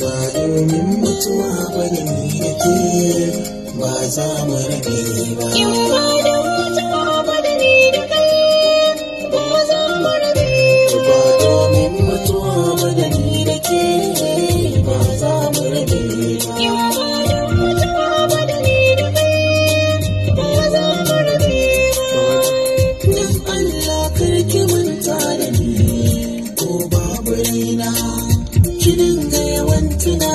ba domin mutuwa bane ne da ke ba za mu rage ba tonight.